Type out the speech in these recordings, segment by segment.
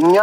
እኛ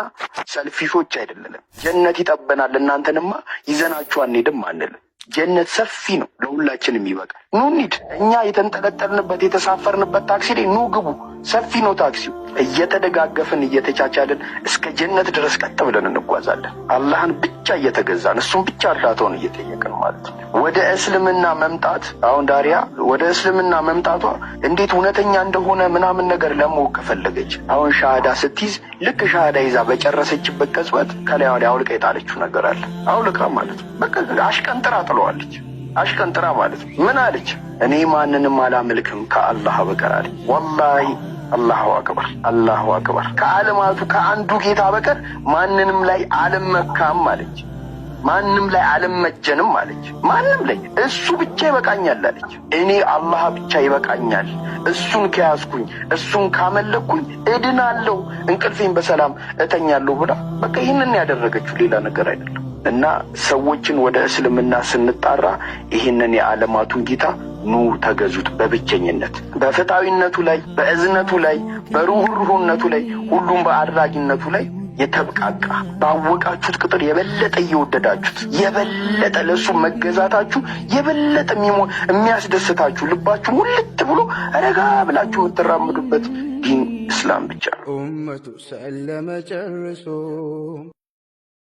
ሰልፊሾች አይደለንም። ጀነት ይጠበናል። እናንተንማ ይዘናችሁ አንሄድም አንልም። ጀነት ሰፊ ነው፣ ለሁላችንም ይበቃል። ኑ እንሂድ። እኛ የተንጠለጠልንበት የተሳፈርንበት ታክሲ ላይ ኑ ግቡ። ሰፊ ነው ታክሲው። እየተደጋገፍን እየተቻቻልን እስከ ጀነት ድረስ ቀጥ ብለን እንጓዛለን። አላህን ብቻ እየተገዛን እሱም ብቻ እርዳታውን እየጠየቅን ማለት ነው። ወደ እስልምና መምጣት አሁን ዳሪያ ወደ እስልምና መምጣቷ እንዴት እውነተኛ እንደሆነ ምናምን ነገር ለማወቅ ከፈለገች አሁን ሻሃዳ ስትይዝ ልክ ሻሃዳ ይዛ በጨረሰችበት ቀጽበት ከላይ ወዲያ አውልቃ የጣለችው ነገር አለ። አውልቃ ማለት ነው በቃ አሽቀንጥራ ጥለዋለች። አሽቀንጥራ ማለት ነው ምን አለች? እኔ ማንንም አላምልክም ከአላህ በቀር አለ ወላሂ አላሁ አክበር አላሁ አክበር። ከዓለማቱ ከአንዱ ጌታ በቀር ማንንም ላይ አልመካም አለች። ማንም ላይ አልመጀንም አለች። ማንም ላይ እሱ ብቻ ይበቃኛል አለች። እኔ አላህ ብቻ ይበቃኛል፣ እሱን ከያዝኩኝ፣ እሱን ካመለኩኝ እድናለሁ፣ እንቅልፌን በሰላም እተኛለሁ ብላ በቃ ይህንን ያደረገችው ሌላ ነገር አይደለም። እና ሰዎችን ወደ እስልምና ስንጣራ ይህንን የዓለማቱን ጌታ ኑ ተገዙት በብቸኝነት በፍትሐዊነቱ ላይ በእዝነቱ ላይ በርኅሩኅነቱ ላይ ሁሉም በአድራጊነቱ ላይ የተብቃቃ ባወቃችሁት ቁጥር የበለጠ እየወደዳችሁት የበለጠ ለእሱ መገዛታችሁ የበለጠ የሚያስደስታችሁ ልባችሁ ሙልት ብሎ ረጋ ብላችሁ የምትራምዱበት ዲን እስላም ብቻ ነው። ኡመቱ ሰለመ ጨርሶ